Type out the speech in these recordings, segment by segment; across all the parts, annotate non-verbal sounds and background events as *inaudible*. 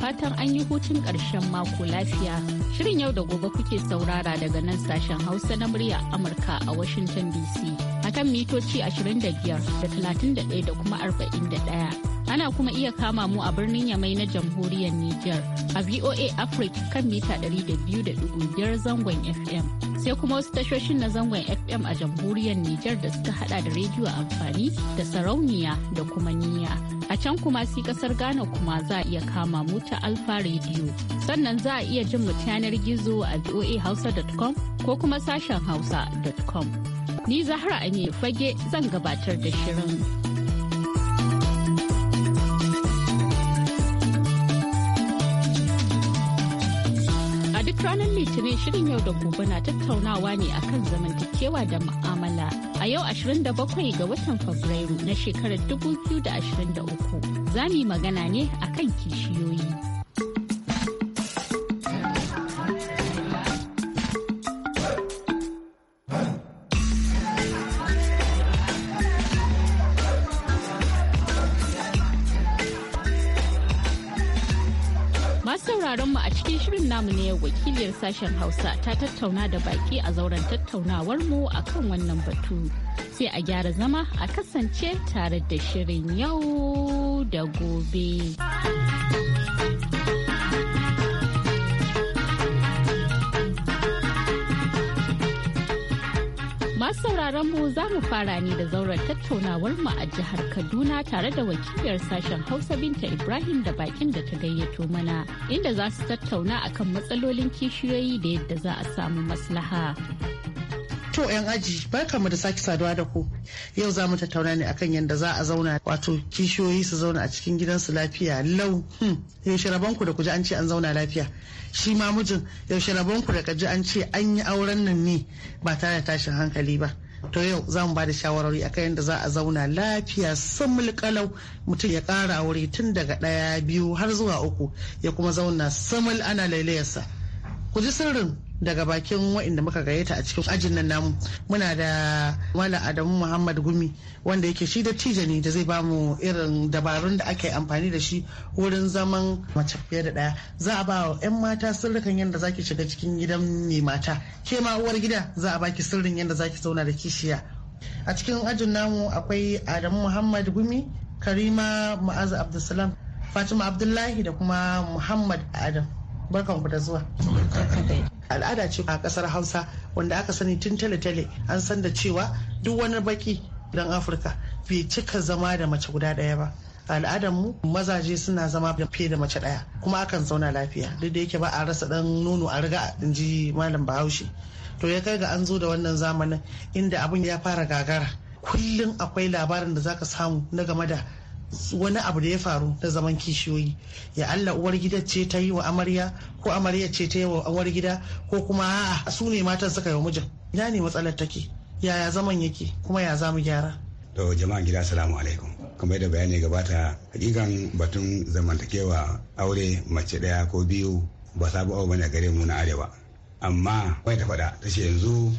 fatan an yi hutun ƙarshen mako lafiya. Shirin yau da gobe kuke saurara daga nan sashen Hausa na murya Amurka a Washington DC. Akan mitoci 25 da 31 da kuma 41. ana kuma iya kama mu a birnin yamai na jamhuriyar Niger a VOA Africa kan mita 200.5 zangon FM. sai kuma wasu tashoshin na zangon fm a jamhuriyar Nijar da suka hada da rediyo amfani da sarauniya da kuma niya a can kuma si kasar ghana kuma za a iya kama mu ta alfa radio sannan za a iya jin mu yanar gizo a voahausa.com ko kuma sashen hausa.com ni zahra aminu fage zan gabatar da shirin duk ranar litinin shirin yau da gobe na tattaunawa ne akan zamantakewa da mu'amala a yau 27 ga watan fabrairu na shekarar 2023 za mu yi magana ne akan kishiyoyi namu ne wakiliyar sashen Hausa ta tattauna da baki a zauren tattaunawar mu a kan wannan batu. Sai a gyara zama a kasance tare da shirin yau da gobe. Masu sauraron mu za mu fara ne da zauren tattaunawar mu a jihar Kaduna tare da wakiliyar sashen Hausa Binta Ibrahim da bakin da ta gayyato mana inda za su tattauna akan matsalolin kishiyoyi da yadda za a samu maslaha. To 'yan aji barkamu da sake saduwa da ku. Yau za mu tattauna ne akan yadda za a zauna wato kishiyoyi su zauna a cikin gidansu lafiya lau. Hmm, yaushe ku da ku ji an ce an zauna lafiya. shi ma mijin yaushe rabon ku da ji an ce an yi auren nan ne ba tare da tashin hankali ba to yau za mu ba da shawarwari akan yadda za a zauna lafiya sun kalau mutum ya ƙara aure tun daga ɗaya biyu har zuwa uku ya kuma zauna samul ana lailayarsa ku ji sirrin daga bakin wa'inda muka gayyata a cikin ajin nan namu muna da malam adamu muhammad gumi wanda yake shi da ne da zai ba mu irin dabarun da ake amfani da shi wurin zaman mace fiye da ɗaya za a ba wa 'yan mata sirrikan yadda zaki shiga cikin gidan mai mata ke ma uwar gida za a baki sirrin yadda zaki zauna da kishiya a cikin ajin namu akwai adamu muhammad gumi karima ma'azu abdulsalam fatima abdullahi da kuma muhammad adam barkanku da zuwa al'ada ce a kasar hausa wanda aka sani tun tale-tale an san da cewa duk wani baki dan afirka bai cika zama da mace guda ɗaya ba al'adar mu mazaje suna zama fiye da mace ɗaya kuma akan zauna lafiya duk da yake ba a rasa ɗan nono a riga in ji malam bahaushe to ya kai ga an zo da wannan zamanin inda abin ya fara gagara kullum akwai labarin da zaka samu na game da wani abu da ya faru na zaman kishiyoyi ya Allah uwar gida ce ta yi wa amarya ko amarya ce ta yi wa uwar gida ko kuma su ne matan suka yi wa mijin ina ne matsalar take yaya zaman yake kuma ya zamu gyara to jama'an gida assalamu alaikum kamar yadda bayani gabata hakikan batun zamantakewa aure mace daya ko biyu ba sabu abu bane gare mu na arewa amma kai ta faɗa ta ce yanzu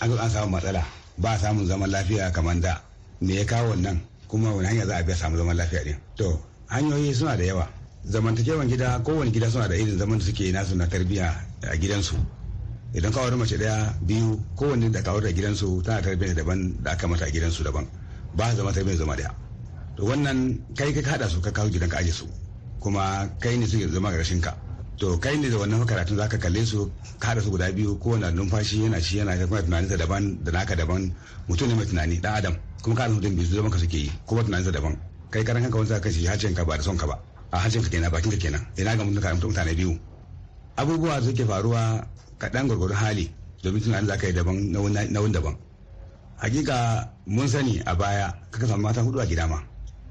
an samu matsala ba samun zaman lafiya kamar da me ya kawo wannan. kuma wani hanya za a biya samu zaman lafiya din to hanyoyi suna da yawa zamantakewan gida kowane gida suna da irin zaman da suke nasu na tarbiyya a gidansu idan ka aure mace daya biyu kowanne da ka aure gidansu tana tarbiyya daban da aka mata a gidansu daban ba zama tarbiyya zama daya to wannan kai ka hada su ka kawo gidan ka aje su kuma kai ne suke zama garashin ka to kai ne da wannan karatun zaka kalle su ka hada su guda biyu kowanne numfashi yana shi yana kuma tunanin sa daban da naka daban mutum ne mai tunani dan adam kuma ka azumta bai zama ka suke yi ko tunanin tunaninsa daban kai karan kanka wani zaka shi hajjin ka ba da son ka ba a hajjin ka kenan bakin ka kenan ina ga mutum ka mutane biyu abubuwa da suke faruwa kaɗan gwargwadon hali domin tunanin zaka yi daban na wani daban hakika mun sani a baya kaka samu mata hudu a gida ma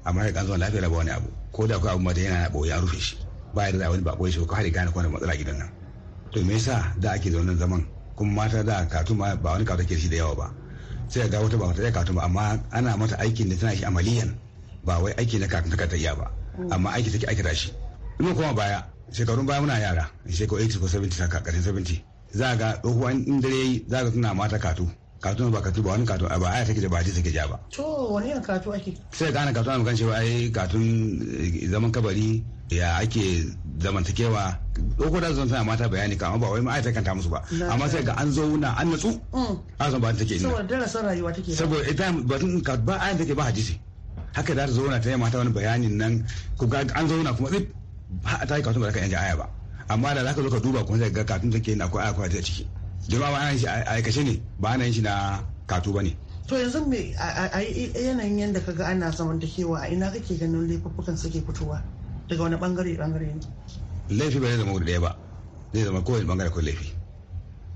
amma ka kan lafiya da wani abu ko da akwai abu da yana boye ya rufe shi ba ya da wani bako shi ko har gane ko da matsala gidan nan to me yasa da ake zaunan zaman kuma mata da katuma ba wani kawo take shi da yawa ba sai ga wata ba iya katon ba amma ana mata aikin da tana shi amaliyan ba wai aiki na kafin ta iya ba amma aiki take aikata shi ina kuma baya shekarun baya muna yara shekaru 80 ko 70 karshen 70 za ga tsohuwa in dare za ga tana mata katu katuna ba katuna ba wani katun ba aya take da ba take ja ba to wani irin katu ake sai ka ana katun ana kan cewa ai katun eh, zaman kabari ya ake zamantakewa doko da zan tana mata bayani kama ba wai ma ta kanta musu ba amma sai ga an zo wuna an natsu a mm. zan ba take ina saboda darasin rayuwa take saboda ita batun ka ba aya take ba hadisi haka da zo wuna ta yi mata wani bayanin nan ku ga an zo wuna kuma tsip ta yi katun ba ka yanke aya ba amma da zaka zo ka duba kuma sai ga katun take ina ko aya ko ta ciki jama'a ba ana shi aikace ne ba na yin shi na kato ba ne to yanzu me a yanayin yadda kaga ana kewa a ina kake ganin laifukan suke fitowa daga wani bangare bangare ne laifi ba zai zama da daya ba zai zama kowai bangare ko laifi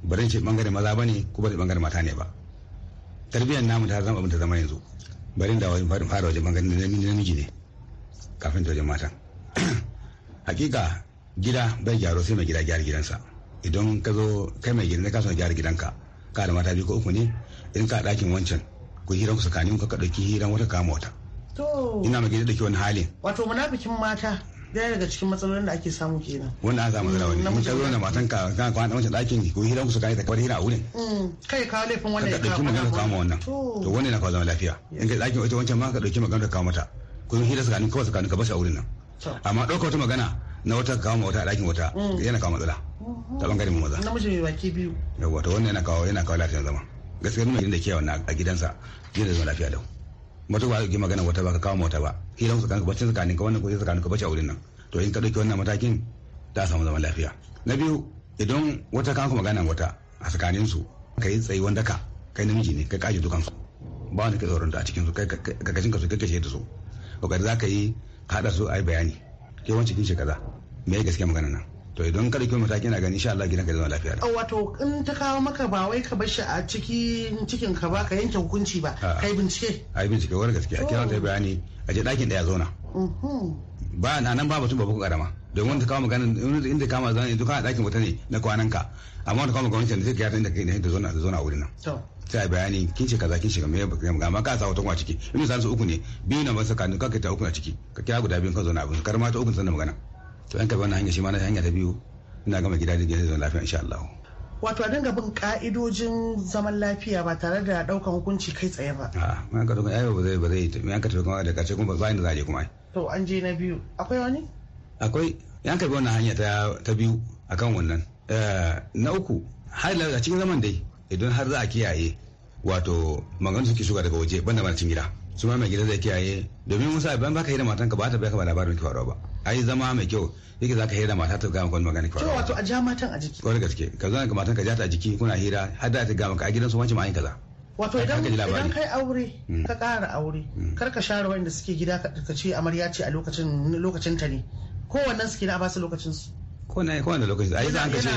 ba ce bangare maza ba ne ko ba bangare mata ne ba tarbiyyar namu ta zama abin ta zama yanzu bari da wajen fara wajen bangare na namiji ne kafin ta wajen matan *clears throat* hakika gida bai gyaro sai mai gida gyara gidansa idan ka zo kai mai gidan ka so gyara gidanka ka da mata biyu ko uku ne in ka ɗakin wancan ku hiran ku tsakanin ka ɗauki hiran wata kama wata. To. Ina mai gidan ke wani halin. Wato munafikin mata. daya daga cikin matsalolin da ake samu kenan wanda aka samu wani mm, mun ta zo da matan ka ka kwana wancan ɗakin ku hiran ku tsakanin ka ta kawar hira a wurin mm, kai ka laifin wannan ka dauki magana ka kama wannan to wannan na kawo zama lafiya in ka ɗakin wata wancan ma ka dauki magana ka kama mata kun hira tsakanin kawai tsakanin ka shi a wurin nan amma ɗauka wata magana na wata kawo wata a ɗakin wata yana kawo matsala ta bangaren maza namiji mai baki biyu yawa to wannan yana kawo yana kawo lafiyar zama gaskiya nuna da kewa wannan a gidansa yin da zama lafiya lau mutum ba ka magana wata ba ka kawo mota ba hilan su kanka bacin tsakanin ka wannan kuɗi tsakanin ka bace a wurin nan to in ka ɗauki wannan matakin ta samu zaman lafiya na biyu idan wata kanku magana wata a tsakanin su yi tsayi wanda ka kai namiji ne kai kaji dukansu ba wani ka tsoron a cikin su kai ka kashin ka su kai kashe da su kokari za ka yi ka haɗa su a yi bayani ke wancan kin kaza me gaskiya magana nan to idan kada kiwon mataki na gani insha Allah gidan ka zama lafiya da. Oh, wato in ta kawo maka ba wai ka shi a cikin cikin ka ba ka yanke hukunci ba kai bincike ai bincike wani gaskiya kira ta bayani a je dakin da ya zauna ba nan ba mutum ba boko karama domin ta kawo magana inda kama zan duka kana dakin wata ne na kwanan ka amma ta kawo magana wancan da take yata inda kai ne da zona ta zona wurin nan sai bayani kin ce kaza kin shiga me amma ka sa wata kuma ciki inda misalin su uku ne biyu na masa kanu ka kai ta uku na ciki ka kira guda biyu ka zo abin karma ta uku sannan magana to an karɓi wannan hanya shi ma na hanya ta biyu ina gama gida da gidan zama lafiya insha Allah wato a dinga bin ka'idojin zaman lafiya ba tare da daukan hukunci kai tsaye ba a mai ka dauka ayo ba zai ba zai mai ka dauka da kace kuma ba za ni za je kuma to an je na biyu akwai wani akwai yan karbi wannan hanya ta biyu a kan wannan eh, na uku har a cikin zaman dai idan har za a kiyaye wato maganganu suke shuka daga waje banda mana gida su ma mai gida zai kiyaye domin musa ban baka hira matanka ba ta baka ba labarin ki faruwa ba ai zama mai kyau yake zaka hira mata ta gama maka magana ki faruwa wato a ja matan a jiki kwarai gaske ka zana ka matanka ja ta a jiki kuna hira har da ta gama ka a gidan su wancin ma kaza wato idan kai aure mm. ka ƙara aure mm. kar ka share wanda suke gida ka ce amarya ce a lokacin lokacin ta ne kowannen su kenan a basu lokacin su kowane kowane lokaci a yi za a kashe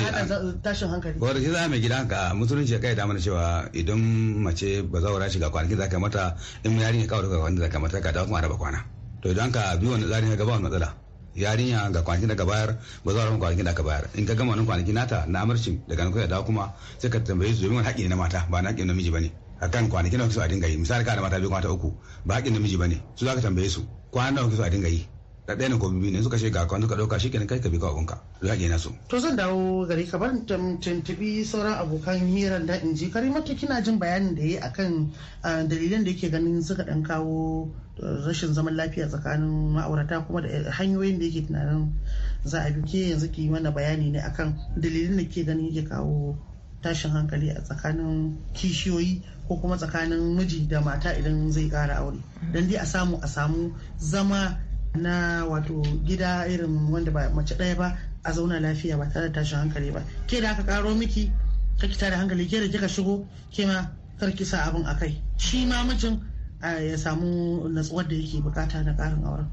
tashin hankali wadda shi za mai gida ka musulunci ya kai damar cewa idan mace ba zaura shiga kwanaki za ka mata in yarinya kawo daga kwanaki za ka mata ka dawo kuma raba kwana to idan ka bi wani tsarin ka gaba wani matsala ya ga kwanakin da ka bayar ba za a kwanakin da ka bayar in ka gama wani kwanaki nata na amarcin daga nan dawo kuma sai ka tambaye su domin wani haƙƙi ne na mata ba na haƙƙi namiji ba ne a kan kwanaki na kuke a dinga yi misali ka da mata biyu kwanata uku ba haƙƙin namiji ba ne su za ka tambaye su kwanan na kuke a dinga yi da ɗaya ne ko biyu ne suka ce ga suka ɗauka shi kenan kai ka bi ka abunka ya na su. to zan dawo gari ka ban tuntuɓi sauran abokan hirar da in ji karimatu kina jin bayanin da ya akan dalilan da yake ganin suka ɗan kawo uh, rashin zaman lafiya tsakanin ma'aurata kuma da eh, hanyoyin da yake tunanin za a bi ke yanzu ki mana bayani ne akan dalilan da ke ganin yake kawo tashin hankali a tsakanin kishiyoyi ko kuma tsakanin miji da mata idan zai kara aure don dai a samu a samu zama na wato gida irin wanda ba mace ɗaya ba a zauna lafiya ba tare da tashin hankali ba ke da aka karo miki kake tare hankali ke da kika shigo ke ma ki sa abin kai shi ma mijin ya samu natsuwar da yake bukata na karin auren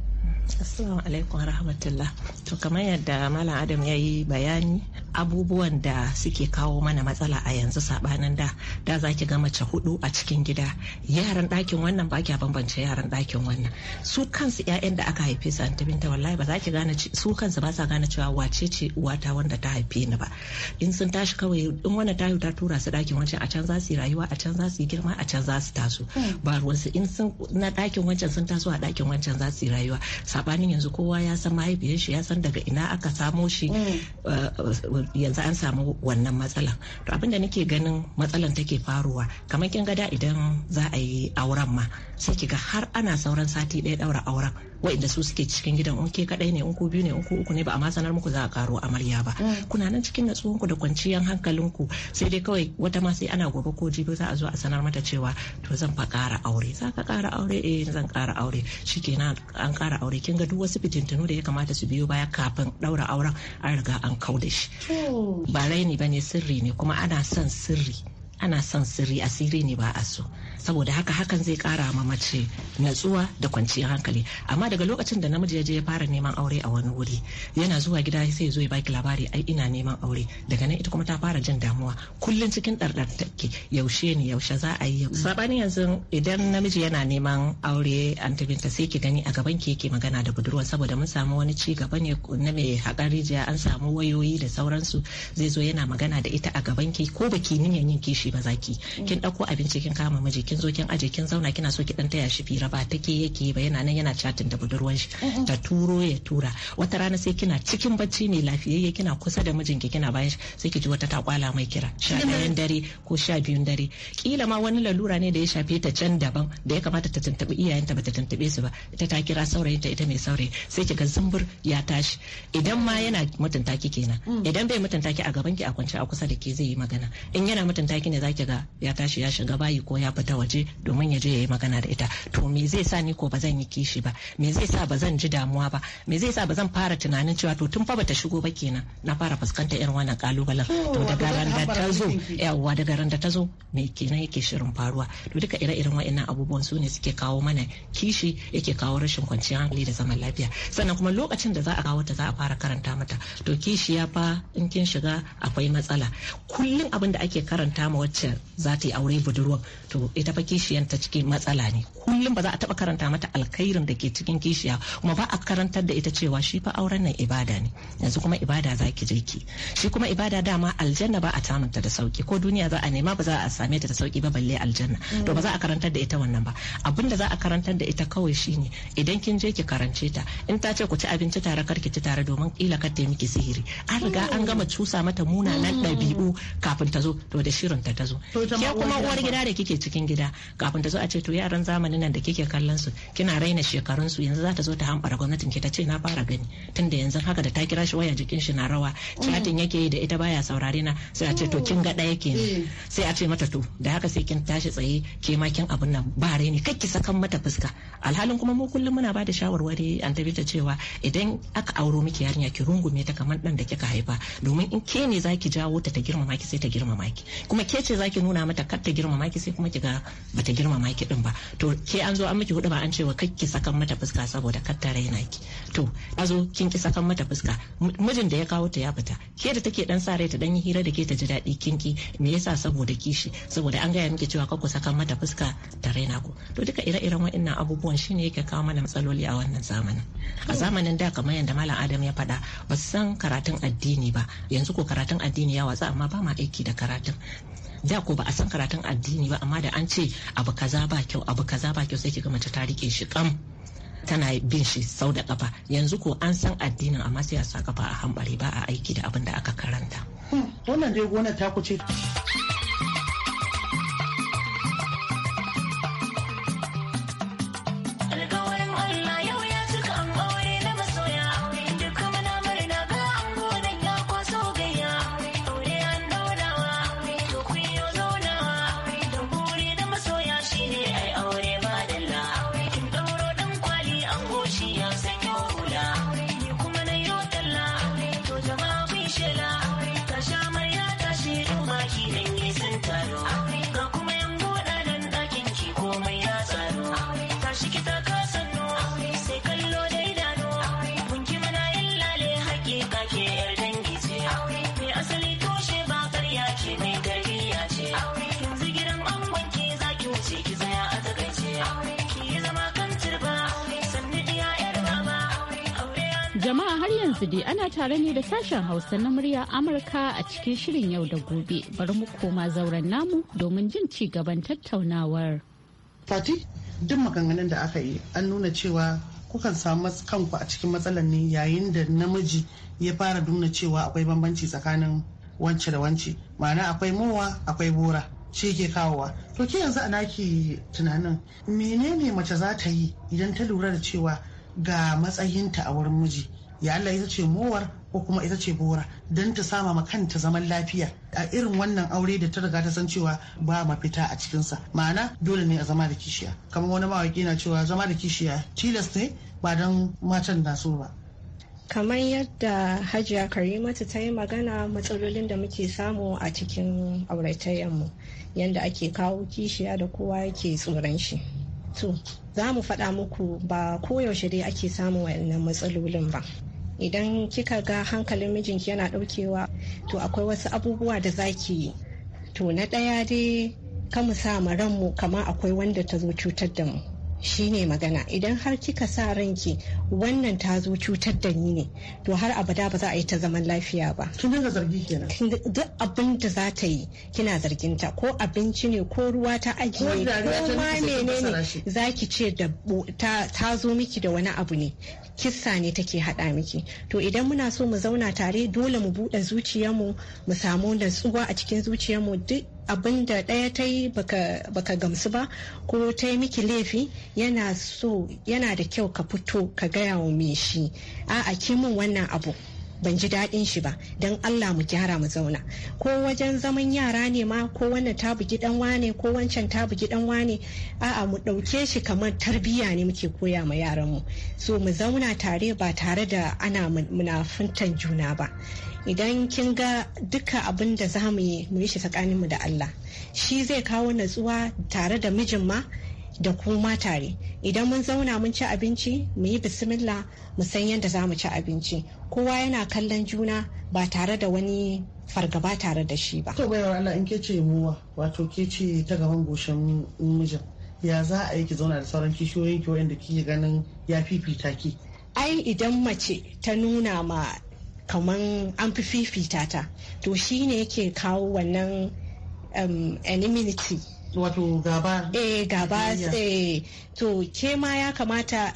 Assalamu alaikum rahmatullah. To kamar yadda Malam Adam ya yi bayani abubuwan da suke kawo mana matsala a yanzu sabanin da da za ki ga mace hudu a cikin gida yaran ɗakin wannan ba kya bambance yaran ɗakin wannan su kansu ƴaƴan da aka haife su antibinta wallahi ba za ki gane su kansu ba sa gane cewa wace ce uwata wanda ta haife ni ba in sun tashi kawai in wannan tayo ta tura su ɗakin wancan a can za su yi rayuwa a can za su yi girma a can za su taso hmm. ba su in sun na ɗakin wancan sun taso a ɗakin wancan za su yi rayuwa sabanin yanzu kowa ya san mahaifiyar shi ya san daga ina aka samo shi hmm. eh, eh, yanzu an samu wannan matsalan to abinda nake ganin matsalan take faruwa kamar kin gada idan za a yi auren ma sai ki ga har ana sauran sati ɗaya ɗaura auren wa'inda su suke cikin gidan in ke kadai ne in ku biyu ne in ku uku ne ba a ma sanar muku za a karo amarya ba mm. kuna nan cikin natsuwan ku da kwanciyar ku sai dai kawai wata ma sai ana gobe ko jibi za a zo a sanar mata cewa to zan fa kara aure za ka kara aure eh zan kara aure shikenan an kara aure kin ga duk wasu fitintunu da ya kamata su biyo baya kafin daura auren an riga an kauda shi ba raini bane sirri ne kuma ana son sirri ana son sirri asiri ne ba a so saboda haka hakan zai kara ma mace natsuwa da kwanciyar hankali amma daga lokacin da namiji ya je ya fara neman aure a wani wuri yana zuwa gida sai ya zo ya baki labari ai ina neman aure daga nan ita kuma ta fara jin damuwa kullum cikin ɗarɗar take yaushe ne yaushe za a yi sabanin yanzu idan namiji yana neman aure an tabinta sai ki gani a gaban ki yake magana da budurwa saboda mun samu wani ci gaba ne na mai haƙar rijiya an samu wayoyi da sauransu zai zo yana magana da ita a gaban ki ko baki niyan yin kishi ba zaki kin ɗauko abinci kin kama miji kin zo kin aje kin zauna kina so ki dan taya shi fira ba take yake ba yana nan yana chatin da budurwan shi ta turo ya tura wata rana sai kina cikin bacci ne lafiyayye kina kusa da mijinki kina bayan shi sai ki ji wata ta kwala mai kira sha ɗayan dare ko sha biyun dare kila ma wani lalura ne da ya shafe ta can daban da ya kamata ta tuntuɓi iyayenta ba ta tuntuɓe su ba ita ta kira saurayinta ita mai saurayi sai ki ga zumbur ya tashi idan ma yana mutunta ki kenan mm. idan bai mutunta ki a gaban ki a kwance a kusa da ke zai yi magana in yana mutunta ki ne zaki ga ya tashi ya shiga bayi ko ya fita waje domin ya je ya yi magana da ita to me zai sa ni ko ba zan yi kishi ba me zai sa ba zan ji damuwa ba me zai sa ba zan fara tunanin cewa to tun fa bata shigo ba kenan na fara fuskantar irin wannan kalubalen to daga ran da ta zo yawa daga ran da ta zo me kenan yake shirin faruwa to duka ire-iren wa'annan abubuwan su ne suke kawo mana kishi yake kawo rashin kwanciyar hankali da zaman lafiya sannan kuma lokacin da za a kawo ta za a fara karanta mata to kishi ya fa in kin shiga akwai matsala kullum abin da ake karanta ma wacce za ta yi aure budurwa to ita ba kishiyanta cikin matsala ne kullum ba za a taba karanta mata alkhairin da ke cikin kishiya kuma ba a karantar da ita cewa shi fa auren nan ibada ne yanzu kuma ibada za ki je ki shi kuma ibada dama aljanna ba a tamanta da sauki ko duniya za a nema ba za a same ta da sauki ba balle aljanna to ba za a karantar da ita wannan ba abin da za a karantar da ita kawai shine idan kin je ki karance ta in ta ce ku ci abinci tare kar ki ci tare domin kila kar ta miki sihiri an riga an gama cusa mata munanan dabi'u kafin ta zo to da shirin ta ta zo ke kuma uwar gida da kike cikin gida gida kafin ta zo a ce to yaran zamanin nan da kike kallon su kina raina shekarun su yanzu za ta zo ta hambara gwamnatin ke ta ce na fara gani tunda yanzu haka da ta kira shi waya jikin shi na rawa chatting yake yi da ita baya saurare na sai a ce to kin ga daya kenan mm. sai a ce mata to da haka sai kin tashi tsaye ke ma kin abun nan ba raini kai ki sakan mata fuska alhalin kuma mu kullum muna ba da shawarwari an tabbata cewa idan aka auro miki yarinya ki rungume ta kamar dan da kika haifa domin in ke ne zaki jawo ta ta girmama ki sai ta girmama ki kuma ke ce zaki nuna mata kar ta girmama ki sai kuma ki ga bata girmama ki din ba to ke an zo an miki hudu ba an cewa ki sakan mata fuska saboda kar ta raina ki to a zo kin ki sakan mata fuska mijin da ya kawo ta ya fita ke da take dan sa rai ta dan yi hira da ke ta ji daɗi kin ki me yasa saboda kishi saboda an gaya miki cewa ku sakan mata fuska ta raina ku to duka ire-iren wa'annan abubuwan shine yake kawo mana matsaloli a wannan zamanin a zamanin da kamar yadda malam adam ya fada ba su san karatun addini ba yanzu ko karatun addini ya watsa amma ba ma aiki da karatun da ko ba a san karatun addini ba amma da an ce abu kaza ba kyau abu kaza ba kyau sai ki mace ta rike shi kam tana bin shi sau da kafa yanzu ko an san addinin amma sai a sa kafa a hambare ba a aiki da abin da aka karanta hmm, wannan dai gona ta kuce Jama'a har yanzu dai ana tare ne da sashen Hausa na murya Amurka a cikin shirin yau da gobe. Bari mu koma zauren namu domin jin ci gaban tattaunawar. Fati, duk maganganun da aka yi an nuna cewa kukan samu kanku a cikin matsalar ne yayin da namiji ya fara nuna cewa akwai bambanci tsakanin wance da wance. Ma'ana akwai mowa akwai bora. Shi ke kawowa. To ke yanzu a naki tunanin menene mace za ta yi idan ta lura da cewa ga matsayinta a wurin miji ya Allah ita ce mowar ko kuma ita ce bora don ta sama ma kanta zaman lafiya a irin wannan aure da ta riga ta san cewa ba mafita a cikinsa ma'ana dole ne a zama da kishiya kamar wani mawaki na cewa zama da kishiya tilas ne ba don matan na so ba kamar yadda hajiya karimatu ta yi magana matsalolin da muke samu a cikin auratayyarmu yadda ake kawo kishiya da kowa yake tsoron shi to za mu faɗa muku ba koyaushe dai ake samun waɗannan matsalolin ba idan kika ga hankalin mijinki yana ɗaukewa to akwai wasu abubuwa da za ki yi to na ɗaya dai kamu mu sa mu ranmu kamar akwai wanda ta zo cutar da mu Shi ne magana idan har kika sa ranki wannan ta zo cutar da ni ne to har abada ba za a yi ta zaman lafiya ba kin dinga zargi kenan duk abin da za ta yi kina zargin ta ko abinci ne ko ruwa ta ne ko ma menene zaki ce da ta zo miki da wani abu ne kissa ne take hada miki to idan muna so mu zauna tare dole mu buɗe zuciyarmu mu samu natsuwa a cikin zuciyarmu duk abin da ɗaya ta yi baka gamsu ba ko ta yi miki laifi yana yana da kyau ka fito ka gaya wa me shi a'a ki min wannan abu ban ji daɗin shi ba don Allah mu gyara mu zauna ko wajen zaman yara ne ma ko wannan ta bugi dan wane ko wancan ta bugi dan wane a'a mu ɗauke shi kamar tarbiyya ne muke koya ma yaran mu so mu zauna tare ba tare da ana munafuntan juna ba idan kin ga duka abin da za mu yi mu yi shi tsakaninmu da Allah shi zai kawo natsuwa tare da mijin ma da kuma tare idan mun zauna mun ci abinci mu yi bismillah mu san yadda za mu ci abinci kowa yana kallon juna ba tare da wani fargaba tare da shi ba. To baiwa Allah in ke ce muwa wato ke ce ta gaban goshen mijin ya za a yi ki zauna da sauran kishiyoyin ki wanda kike ganin ya fifita ki. Ai idan mace ta nuna ma kaman an fi fifita ta to shine yake kawo wannan um, anonymity wato gaba eh gaba eh, to ke ma ya kamata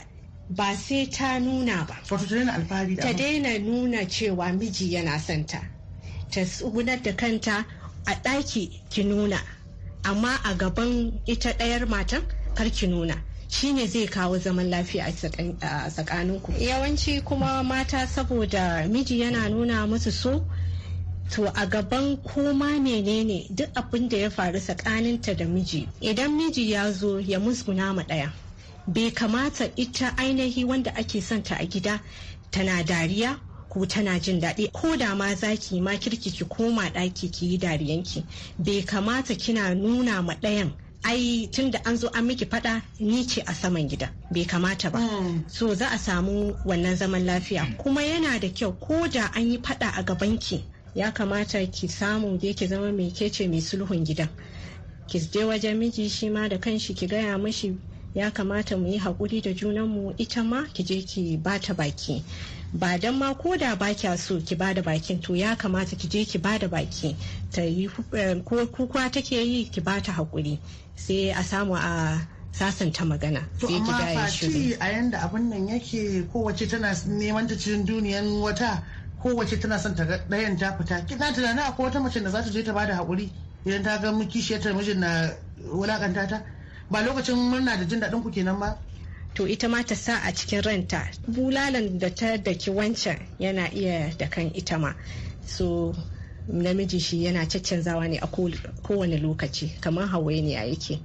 ba sai ta nuna ba ta daina ta daina nuna cewa miji yana santa ta tsugunar da kanta a ɗaki ki nuna amma a gaban ita ɗayar matan kar ki nuna shine zai kawo zaman lafiya a tsakaninku yawanci kuma mata saboda miji yana nuna musu so to a gaban koma menene duk abin da ya faru tsakaninta da miji idan miji ya zo ya musguna ma ɗaya bai kamata ita ainihi wanda ake santa a gida tana dariya ko tana jin daɗi ko da ma za ki ma kirki ki koma ɗaki ki yi dariyanki bai kamata kina nuna ma ɗayan ai tun da an zo an miki fada ni ce a saman gida bai kamata ba hmm. so za a samu wannan zaman lafiya hmm. kuma yana da kyau ko da an yi fada a gabanki ya kamata ki samu dai ki zama mai kece mai sulhun gidan ki je wajen miji shi ma da kanshi ki gaya mashi ya kamata mu yi haƙuri da mu ita ma ki je ki bata baki ba dan ma ko da ba kya so ki bada bakin to ya kamata ki je ki bada baki ta yi eh, ko kuka take yi ki bata haƙuri sai a samu a sasanta magana sai ki daya a yanda abin nan yake kowace tana neman ta cikin duniyan wata kowace tana son ta ga ɗayan ta fita kina tunani akwai wata mace da za ta je ta bada haƙuri idan ta ga shi ta mijin na wulakanta ta ba lokacin murna da jin daɗin ku kenan ba to ita ma ta sa a cikin ranta bulalan da ta daki wancan yana iya da kan ita ma so namiji shi yana caccanzawa ne a kowane lokaci kamar a yake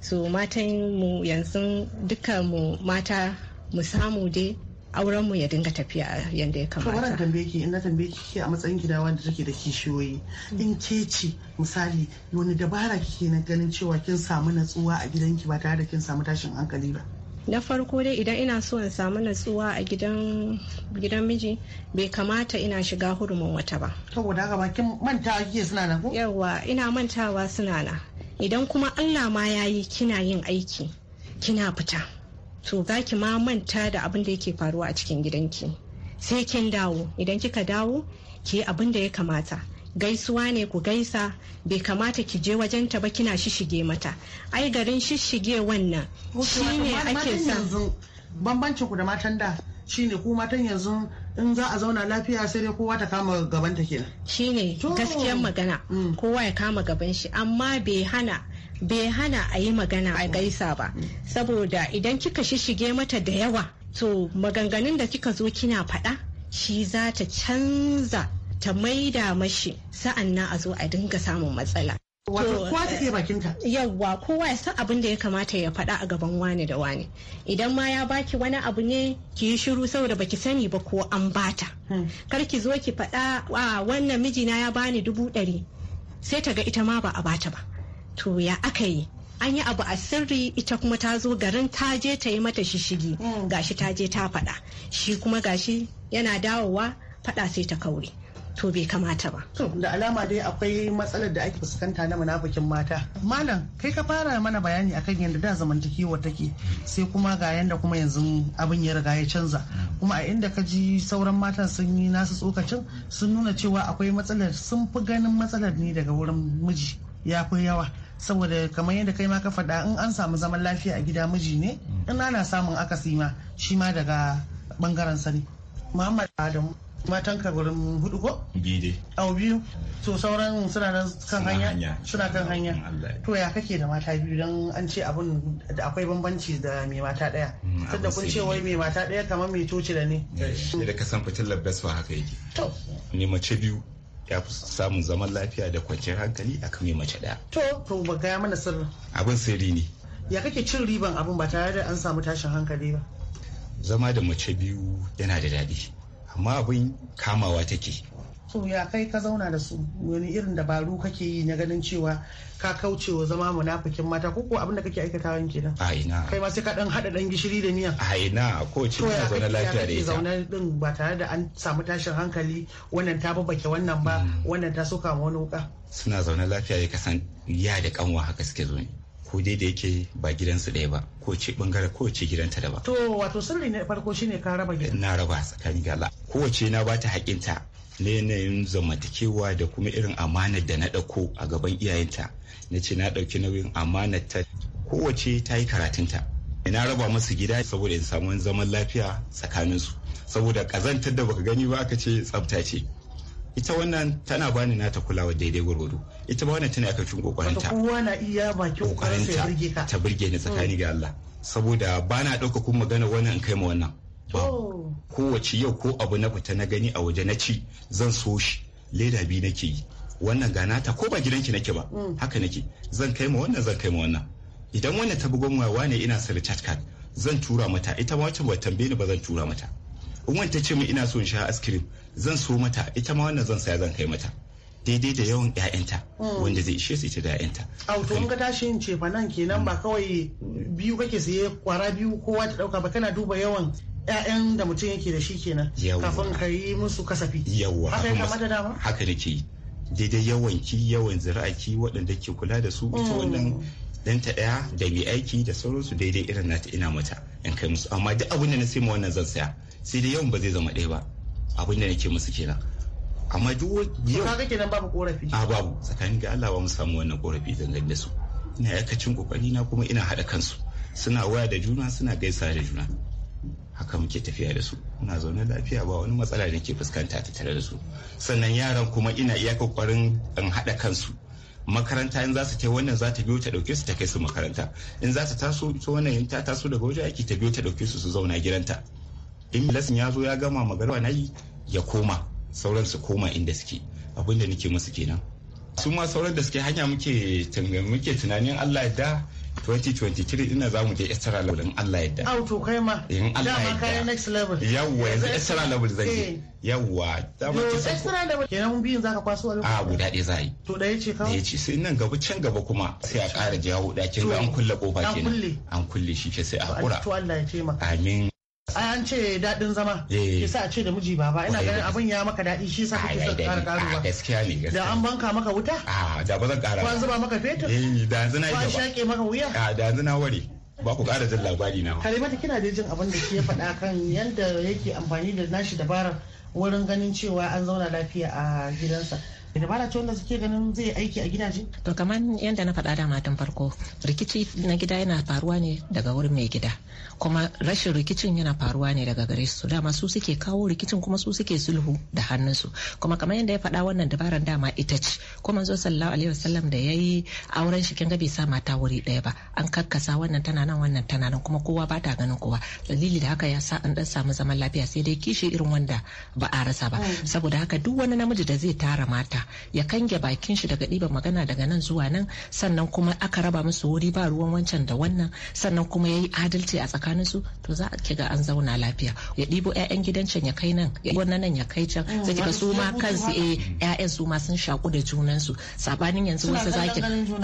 so matan mu yanzu duka mu mata mu samu dai auren mu ya dinga tafiya yadda ya kamata. Kawaran tambaye ki ina tambaye ki ke a matsayin gida wanda take da kishiyoyi in ke ci misali wani dabara kike na ganin cewa kin samu natsuwa a gidanki ba tare da kin samu tashin hankali ba. na farko dai idan ina so in samu natsuwa a gidan gidan miji bai kamata ina shiga hurumin wata ba saboda haka bakin mantawa kike suna nan ko yawa ina mantawa suna nan. idan kuma Allah ma yayi kina yin aiki kina fita to za ki ma manta da abin da yake faruwa a cikin gidanki sai kin dawo idan kika dawo ki yi abin da ya kamata gaisuwa ne ku gaisa bai kamata ki je wajen ta ba kina shishige mata ai garin shishige wannan shine ake sa bambancin ku da matan da shine ku matan yanzu in za a zauna lafiya sai dai kowa ta kama gaban ta kenan shine gaskiyar magana mm. kowa ya kama gaban shi amma bai hana bai hana a yi magana a gaisa ba saboda idan kika shishige mata da yawa to maganganun da kika zo kina faɗa shi za ta canza ta maida mashi sa'an na a zo a dinga samun matsala kowa iya Yawwa kowa ya san abin da ya kamata ya faɗa a gaban wani da wani. Idan ma ya baki wani abu ne ki yi shiru saboda baki sani ba ko an bata. Hmm. Kar ki zo ki faɗa wannan mijina ya bani dubu ɗari. Sai ta ga ita ma ba a bata ba. to ya aka yi an yi abu a sirri ita kuma ta zo garin ta je ta yi mata shishigi ga mm. gashi ta je ta faɗa shi kuma gashi yana dawowa faɗa sai ta kaure to bai kamata ba. To da alama dai akwai matsalar da ake fuskanta na munafukin mata. Malam kai ka fara mana bayani akan yadda da zamantakewa take sai kuma ga yadda kuma yanzu abin ya riga ya canza. Kuma a inda ka ji sauran matan sun yi nasu tsokacin sun nuna cewa akwai matsalar sun fi ganin matsalar ne daga wurin miji ya fi yawa. saboda kamar yadda kai ma ka faɗa in an samu zaman lafiya a gida miji ne in ana samun akasi ma shi ma daga bangaren sani muhammad adamu matan ka gurin hudu ko? Gide. Au biyu. To sauran suna nan kan hanya? Suna kan hanya. To ya kake da mata biyu don an ce abun da akwai bambanci da mai mata daya. Mm, Tunda kun ce wai mai mata daya kamar mai toci da ne. Eh, da ka san fitillar best haka yake. To. Ni mace biyu ya fi samun zaman lafiya da kwanciyar hankali a kan mace ɗaya. To, to ba gaya mana sirri. Abin sirri ne. Ya kake cin riban abin ba tare da an samu tashin hankali ba. Zama da mace biyu yana da daɗi, amma abin kamawa take. so ya kai ka zauna da su wani irin dabaru kake yi na ganin cewa ka kaucewa zama munafikin mata ko ko abin da kake aikatawa kenan a ina kai ma sai ka dan hada dan gishiri da niyan a ina ko ce ina zaune lafiya da ita zaune din ba tare da an samu tashin hankali wannan ta babbake wannan ba hmm. wannan ta soka ma wani wuka suna zaune lafiya ya kasan ya da kanwa haka suke zo ko dai da yake ba gidansu ɗaya ba ko ce bangare ko ce gidanta da ba. To wato sirri na farko shine ka raba gidan. Na raba tsakanin gala Allah. Kowace na ba ta haƙinta na yanayin zamantakewa da kuma irin amanar da na ɗauko a gaban iyayenta na ce na ɗauki nauyin amanar ta kowace ta yi karatunta ina raba masu gida saboda in samu zaman lafiya tsakaninsu saboda kazantar da baka gani ba aka ce tsafta ce ita wannan tana bani nata kulawa daidai gwargwado ita ba wannan tana yakacin kokarinta kowa na kokarinta ta burge ni tsakani mm. ga Allah saboda bana ɗauka magana wannan in kai ma wannan Oh. kowace yau ko abu na fita na gani a waje na ci zan so shi leda biyu nake yi wannan ganata ko ba gidanki nake ba mm. haka nake zan kai ma wannan zan kai ma wannan idan wannan ta bugon wa ne ina sa recharge card zan tura mata ita ma wacce ba tambaye ni ba zan tura mata in wani ta ce min ina so in sha ice cream zan so mata ita ma wannan zan saya zan kai mata daidai da yawan 'ya'yanta mm. wanda zai ishe su ita da 'ya'yanta. A wato ka tashi ce fa nan kenan ba mm. kawai biyu kake siye kwara biyu kowa ta dauka ba kana duba yawan 'ya'yan da mutum yake da shi kenan kafin ka yi musu kasafi yawa haka ya kamata dama haka nake yi daidai yawan ki yawan zira'aki waɗanda ke kula da su ita mm. wannan danta ɗaya da mai aiki da sauransu daidai irin nata ina mata in kai musu amma duk abin da na sai ma wannan zan saya sai dai yawan ba zai zama ɗaya ba abin da nake musu kenan amma duk yau kaga kenan babu korafi a babu tsakanin ga Allah ba mu samu wannan korafi dangane da su ina yakacin kokari na kuma ina haɗa kansu suna waya da juna suna gaisa da juna haka muke tafiya da su muna zaune lafiya ba wani matsala da ke fuskanta ta tare da su sannan yaran kuma ina iya kokarin in haɗa kansu makaranta in za su ta wannan za ta biyo ta ɗauke su ta kai su makaranta in za su taso ta wannan in ta taso daga wajen aiki ta biyo ta ɗauke su su zauna gidanta in lasin ya zo ya gama magana na yi ya koma sauran su koma inda suke abinda nake musu kenan su ma sauran da suke hanya muke tunanin Allah ya da 2023 ina za mu je extra level in Allah yadda. Au to kai ma. In Allah ya Dama next level. Yawwa yanzu extra level zai je. Eh. Yawwa. Dama ki san. Extra level kenan mun biyun zaka kwaso a A guda ɗaya za yi. To ɗaya ce kawai. Ɗaya ce sai nan gaba can gaba kuma sai a ƙara jawo ɗaya kin ga an kulle kofa kenan. An kulle. An kulle shi ke sai a hakura. To Allah ya ce ma. Amin. an ce daɗin zama ki eh. sa a ce da miji baba ina ganin abin ya maka daɗi shi sa kake son ƙara ƙaruwa ah, gaskiya ne da an banka maka wuta a ah, da ba zan ƙara ba zuba maka fetur eh da yanzu na yi ba shaƙe maka wuya a ah, da yanzu na ware ba ku ƙara jin labari na kalimata kina da jin abin da ke faɗa kan yadda yake amfani da nashi dabara wurin ganin cewa an zauna lafiya a gidansa dabara ce wanda suke ganin zai aiki a gidaje to kamar yadda na faɗa dama tun farko rikici na gida yana faruwa ne daga wurin mai gida kuma rashin rikicin yana faruwa ne daga gare su dama su suke kawo rikicin kuma su suke sulhu da hannunsu kuma kamar yadda ya faɗa wannan dabaran dama ita ce kuma zo sallallahu alaihi wasallam da yayi auren shi kin ga bai sa mata wuri ɗaya ba an karkasa wannan tana nan wannan tana nan kuma kowa ba ta ganin kowa dalili da haka ya sa an dan samu zaman lafiya sai dai kishi irin wanda ba a rasa ba mm. saboda haka duk wani namiji da zai tara mata ya kange bakin shi daga ɗiban magana daga nan zuwa nan sannan kuma aka raba musu wuri ba ruwan wancan da wannan sannan kuma ya yi adalci a tsakanin su to za a kiga an zauna lafiya ya ɗibo 'ya'yan gidan can ya kai nan ya wannan nan ya kai can mm, sai kiga su ma kansu eh 'ya'yan su ma sun shaku da junan su sabanin yanzu wasu ki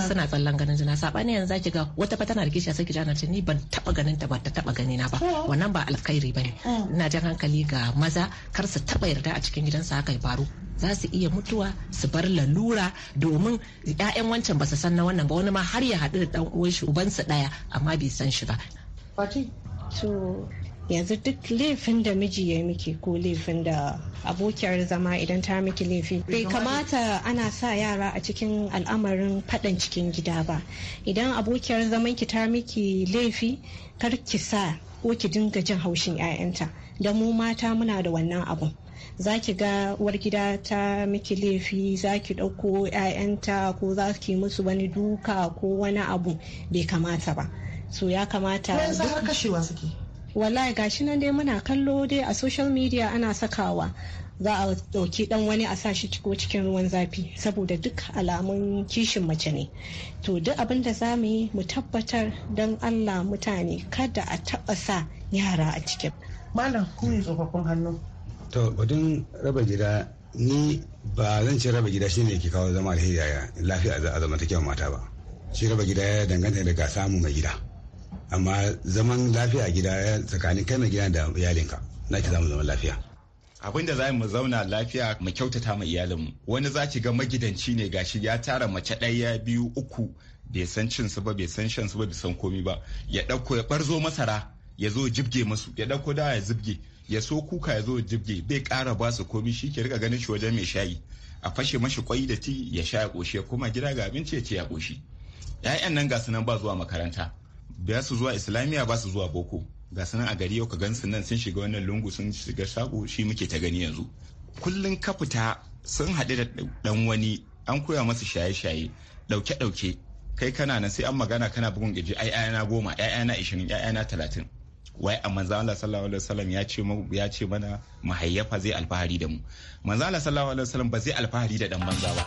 suna tsallan ganin juna sabanin yanzu zaki ga wata fata tana rikici sai ki jana ce ni ban taba ganin ta ba ta taba gani na ba wannan ba alkhairi bane mm. ina jan hankali ga maza kar su taba yarda a cikin gidansa haka ya faru za su iya mutuwa su bar lalura domin 'ya'yan wancan ba su san na wannan ba wani ma har ya haɗu da ɗan uwan shi ubansa ɗaya amma bai san shi ba. to yanzu duk laifin da miji ya miki ko laifin da abokiyar zama idan ta miki laifi bai kamata ana sa yara a cikin al'amarin faɗan cikin gida ba idan abokiyar zaman ki ta miki laifi kar ki sa ko ki dinga jin haushin 'ya'yanta da mu mata muna da wannan abun za ki ga uwar gida ta miki laifi za ki ɗauko 'ya'yanta ko za ki musu wani duka ko wani abu bai kamata ba so ya kamata wallahi gashi nan dai muna kallo dai a social media ana sakawa za a ɗauki ɗan wani a sashi ciko cikin ruwan zafi saboda duk alamun kishin mace ne to duk abin da za mu yi mu tabbatar don allah mutane kada a taɓa sa yara a cikin malam ku ne tsofaffin hannu to batun raba gida ni ba zan ce raba gida shine ke kawo zama alheri ya lafiya a zama ta kyau mata ba shi raba gida ya danganta daga samun mai gida amma zaman lafiya gida ya tsakanin kai mai gida da iyalinka na ki zamu zaman lafiya abin da za mu zauna lafiya mu kyautata ma iyalinmu wani za ki ga magidanci ne gashi ya tara mace ɗaya biyu uku bai san cin su ba bai san shan su ba bai san komi ba ya ɗauko ya ɓarzo masara ya zo jibge masu ya ɗauko da ya zibge ya so kuka ya zo jibge bai kara ba su komi shi ke rika ganin shi wajen mai shayi a fashe mashi kwai da ti ya sha ya koshi ya koma gida ga abinci ya ce ya koshi ƴaƴan nan ga nan ba zuwa makaranta ba su zuwa islamiyya ba su zuwa boko ga su nan a gari yau ka gan su nan sun shiga wannan lungu sun shiga sako shi muke ta gani yanzu kullun ka fita sun haɗu da ɗan wani an koya masu shaye-shaye ɗauke-ɗauke kai kana nan sai an magana kana bugun gaji ai na goma ai na ishirin ai na talatin wai a manzo Allah sallallahu alaihi wasallam ya ce ya ce mana mu hayyafa zai alfahari da mu manzo Allah sallallahu alaihi wasallam ba zai alfahari da dan banza ba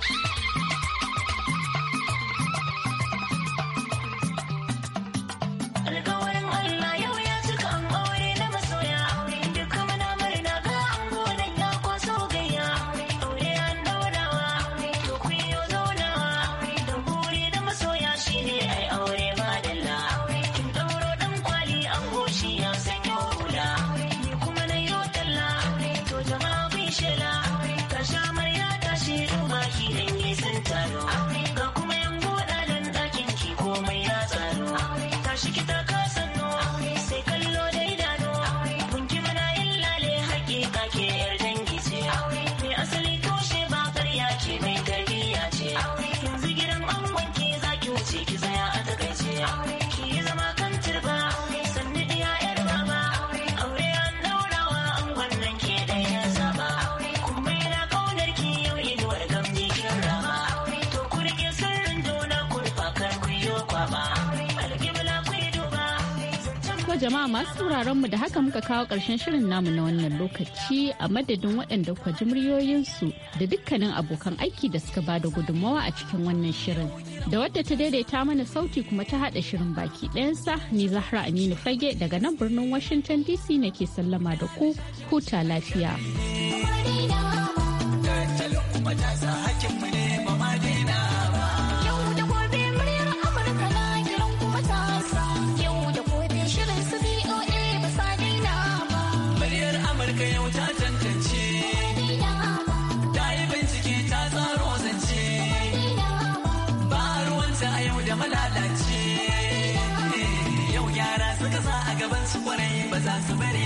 jama'a masu sauraron mu da haka muka kawo ƙarshen shirin namu na wannan lokaci a madadin waɗanda kwa ji da dukkanin abokan aiki da suka bada gudunmawa a cikin wannan shirin. Da wadda ta daidaita mana sauti kuma ta haɗa shirin baki ɗayansa ni Zahra Aminu Fage daga nan birnin Washington DC nake sallama da ku huta lafiya. ba za su bari